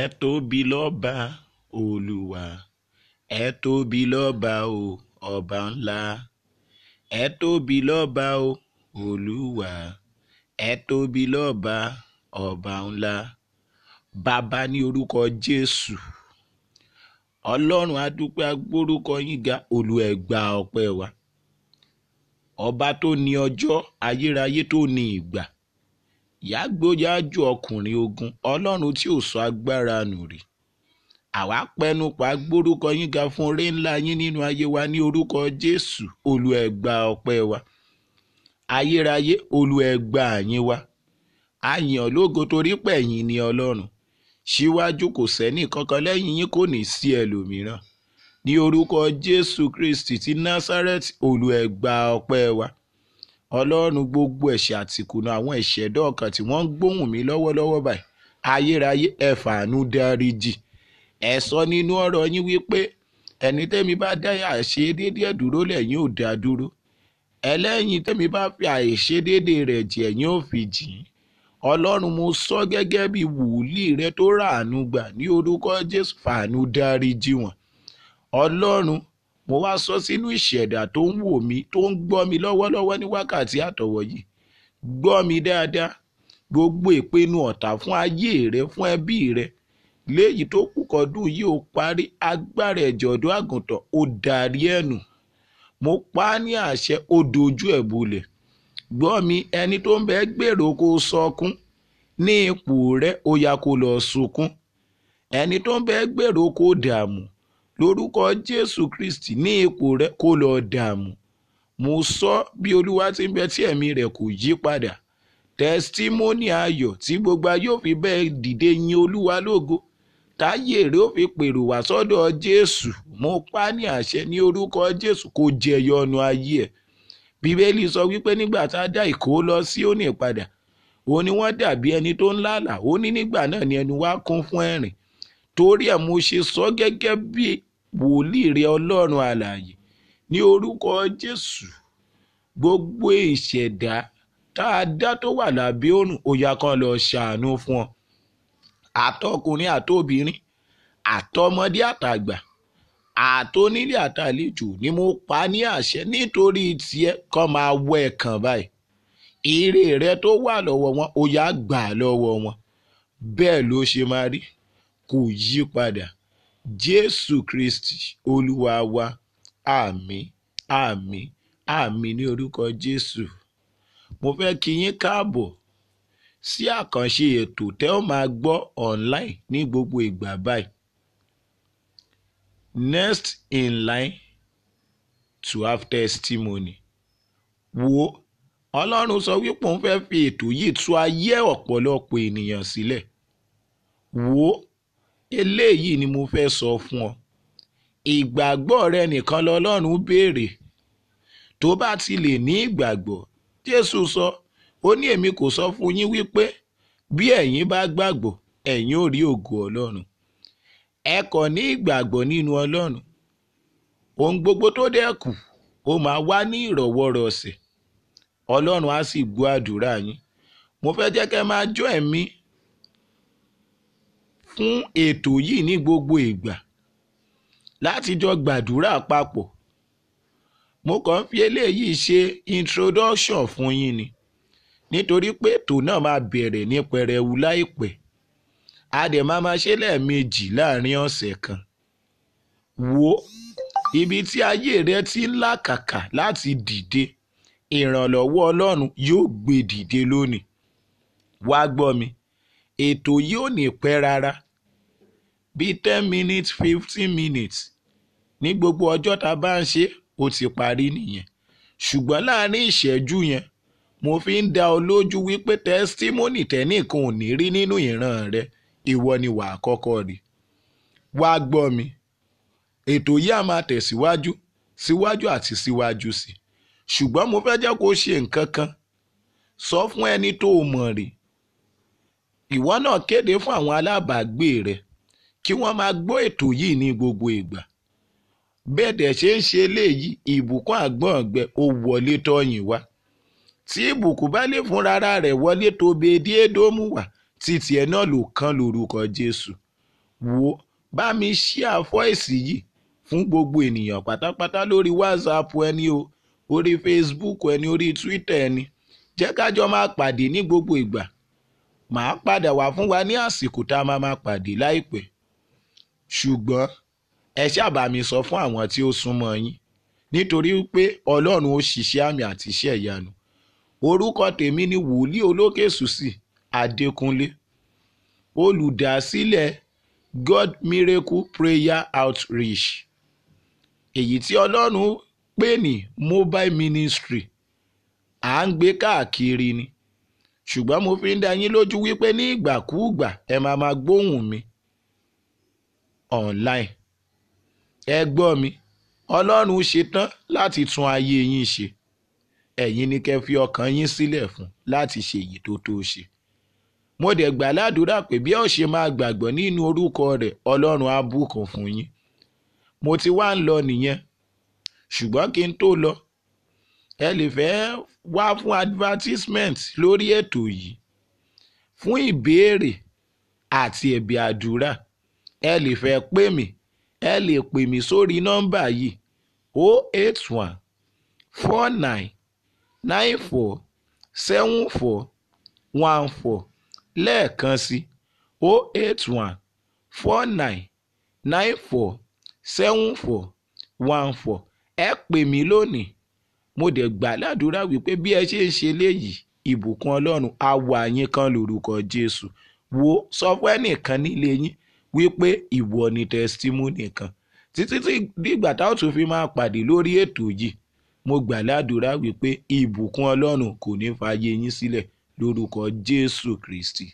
ẹ tóbi lọ́ba olúwa ẹ o ọba ńlá ẹ tóbi lọ́ba o olúwa ẹ tóbi lọ́ba ọba ńlá bàbá ní orúkọ jésù ọlọ́run adúpẹ́ agbórúkọ yín ga olùẹ̀gbà ọpẹ́ wa ọba tó ní ọjọ́ ayérayé tó ní ìgbà yàgbóyà ju ọkùnrin ogun ọlọ́run tí ò sọ agbára nù rí àwa pẹnupa gbórúkọ yín ga fún oore ńlá yín nínú ayé wa ní orúkọ jésù olùẹgbà ọpẹ́ wa ayérayé olùẹgbà yín wa àyàn lógo torí pẹ̀yìn ni ọlọ́run síwájú kò sẹ́ni kankan lẹ́yìn yín kò ní sí ẹlòmíràn ní orúkọ jésù kristi ti nazareth olùẹgbà ọpẹ́ wa ọlọ́run gbogbo ẹ̀ṣẹ̀ àti ìkùnà àwọn ẹ̀ṣẹ̀ ẹ̀dọ́ ọkàn tí wọ́n ń gbóhùn mi lọ́wọ́lọ́wọ́ báyìí ayérayé ẹ fàánú dáríjì ẹ sọ nínú ọ̀rọ̀ yín wípé ẹni tẹ́mi bá dá àṣe déédéé dúró lẹ́yìn ò dá dúró ẹlẹ́yìn tẹ́mi bá fi àìṣe déédéé rẹ̀ jì ẹ̀yìn ò fi jì í ọlọ́run mo sọ gẹ́gẹ́ bí wòlíì rẹ tó ràánú gbà ní orúkọ jésù fàánú dáríjì wọn ọlọ́run mo wá sọ sínú ìṣẹ̀dá tó ń wò mí tó ń gbọ́ mi lọ́wọ́lọ́wọ́ ní wákàtí àtọ̀wọ̀ yìí gbọ́ mi dáadáa gbogbo ìpinnu ọ̀tá fún ayé rẹ fún ẹbí rẹ léyìí tó kù kọdún yìí ó parí agbára ẹ̀jẹ̀ ọ̀dọ́ àgùntàn ó darí ẹ̀nù mo pa á ní àṣẹ ó dojú ẹ̀ bolẹ̀ gbọ́ mi ẹni tó ń bẹ gbèrò kó sọkún ní ipò rẹ ó yá kó lọ sunkún ẹni tó ń bẹ gbèrò kó dààmú lórúkọ jésù kristi ní ipò rẹ kó lọ dààmú mo sọ bí olúwa ti ń bẹ tí ẹ̀mí rẹ̀ kò yí padà tẹsítímọ́nì ayọ̀ tí gbogbo ayé ò fi bẹ́ẹ̀ dìde yin olúwa lógo táyé rẹ ó fi pèrò wá sọ́dọ̀ jésù mo pa ní àṣẹ ní orúkọ jésù kó jẹyọ ọ̀nà ayé ẹ̀ bíbélì sọ wípé nígbà tá a dá ìkó lọ sí òní padà ó ní dàbí ẹni tó ń lálàá ó nígbà náà ni ẹnu wa kún fún ẹ̀rìn torí ẹ̀ mo ṣe sọ gẹ́gẹ́ bí wòlíì rẹ ọlọ́run alààyè ní orúkọ jésù gbogbo ìṣẹ̀dá tá a dá tó wà lábẹ́ òrùn òyà kan lọ ṣàánú fún ọ àtọkùnrin àtobìnrin àtọmọdé àtàgbà àtónílé àtàlejò ni mo pa ní àṣẹ nítorí tiẹ̀ kọ́ máa wọ ẹ̀kàn báyìí ire rẹ tó wà lọ́wọ́ wọn òyà gbà lọ́wọ́ wọn bẹ́ẹ̀ ló ṣe máa rí kò yí padà jésù kristi olúwa wa àmín àmín àmín ní orúkọ jésù mo fẹ́ kí yín káàbọ̀ sí àkànṣe ètò tẹ́ ó máa gbọ́ online ní gbogbo ìgbà báyìí next in line to have testimony wo ọlọ́run sọ wípé òun fẹ́ fi ètò yìí tú ayé ọ̀pọ̀lọpọ̀ ènìyàn sílẹ̀ wo eléyìí ni mo fẹ́ sọ fún ọ ìgbàgbọ́ rẹ nìkan lọ́lọ́run béèrè tó bá ti lè ní ìgbàgbọ́ jésù sọ ó ní èmi kò sọ fún yín wípé bí ẹ̀yin bá gbàgbọ́ ẹ̀yin ò rí ògo ọlọ́run ẹ kò ní ìgbàgbọ́ nínú ọlọ́run ohun gbogbo tó dẹ̀ ó máa wá ní ìrọ̀wọ́rọ̀sẹ̀ ọlọ́run á sì gbọ́ àdúrà yín mo fẹ́ jẹ́ kẹ́ máa jó ẹ̀mí kún ètò yìí ní gbogbo ìgbà láti jọ gbàdúrà papọ̀ mo kàn ń fi eléyìí ṣe introduction fún yín ni nítorí pé ètò náà máa bẹ̀rẹ̀ ní pẹrẹwu láìpẹ́ a dẹ̀ máa máa ṣe lẹ́ẹ̀mejì láàrin ọ̀sẹ̀ kan wo ibi tí ayé rẹ ti ń làkàkà láti dìde ìrànlọ́wọ́ ọlọ́run yóò gbé dìde lónìí wá gbọ́ mi ètò yìí ò ní pẹ́ rárá bíi ten minutes fifteen minutes ní gbogbo ọjọ́ ta a bá ń ṣe ó ti parí nìyẹn ṣùgbọ́n láàrin ìṣẹ́jú yẹn mo fi ń dá ọ lójú wípé tẹ́sítímọ́nì tẹ́nìkan ò ní rí nínú ìran rẹ ìwọ ni wàá kọ́kọ́ rí wàá gbọ́ mi ètò yìí á máa tẹ̀síwájú síwájú àti síwájú sí ṣùgbọ́n mo fẹ́ jẹ́ kó ṣe nǹkan kan sọ fún ẹni tó o mọ̀ rí ìwọ náà kéde fún àwọn alábàágbé rẹ kí wọ́n máa gbọ́ ètò yìí ní gbogbo ìgbà bẹ́ẹ̀ dẹ̀ ṣe ń ṣe léyìí ìbùkún àgbọ̀ǹgbẹ ó wọlé tọ́yìn wá tí ìbùkún bá lè fún rárá rẹ̀ wọlé tó bedí édómù wá títí ẹ̀ náà ló kán lórúkọ Jésù wo bá mi ṣí àfọ́ìsì yìí fún gbogbo ènìyàn pátápátá lórí WhatsApp ẹni o orí Facebook ẹni orí Twitter ẹni jẹ́ kájọ máa pàdé ní gbogbo ìgbà màá padà wá fún wa ní àsìkò tá a máa máa pàdé láìpẹ́ ṣùgbọ́n ẹ ṣáàbà mi sọ fún àwọn tí ó súnmọ́ yín nítorí pé ọlọ́run ó ṣiṣẹ́ àmì àti iṣẹ́ ìyanu orúkọ tèmi ni wòlíì olókè ṣùṣì adékúnlé olùdásílẹ̀ god miracle prayer outreach èyí tí ọlọ́run pè ní mobile ministry à ń gbé káàkiri ni ṣùgbọ́n mo fi ń dá yín lójú wípé ní ìgbàkúùgbà ẹ máa máa gbóhùn mi online ẹ gbọ́ mi ọlọ́run ṣetán láti tún ayé yín ṣe ẹ̀yin ni kẹ́ fi ọkàn yín sílẹ̀ fún láti ṣe èyí tó tó ṣe mo dẹ̀ gbà ládùúrà pé bí ó ṣe máa gbàgbọ́ nínú orúkọ rẹ̀ ọlọ́run á bùkún fún yín mo ti wá ń lọ nìyẹn ṣùgbọ́n kí n tó lọ ẹ lè fẹ́ wá fún advertisement lórí ètò yìí fún ìbéèrè àti ẹ̀bẹ̀ àdúrà ẹ lè fẹ́ pè mí ẹ lè pè mí sórí nọ́mbà yìí 081 49 94 74 14 lẹ́ẹ̀kan sí 081 49 94 74 14 ẹ pè mí lónìí mo dẹ̀ gbà ládùúrà wípé bí ẹ ṣe ń ṣe léyìí ìbùkún ọlọ́run á wà yín kan lórúkọ jésù wo sọ ẹnìkan nílé yín wípé ìwọ ni testimony kan títí tí dìgbà tá ò tún fi máa pàdé lórí ètò yìí mo gbà ládùúrà wípé ìbùkún ọlọ́run kò ní fààyè yín sílẹ̀ lórúkọ jésù kristi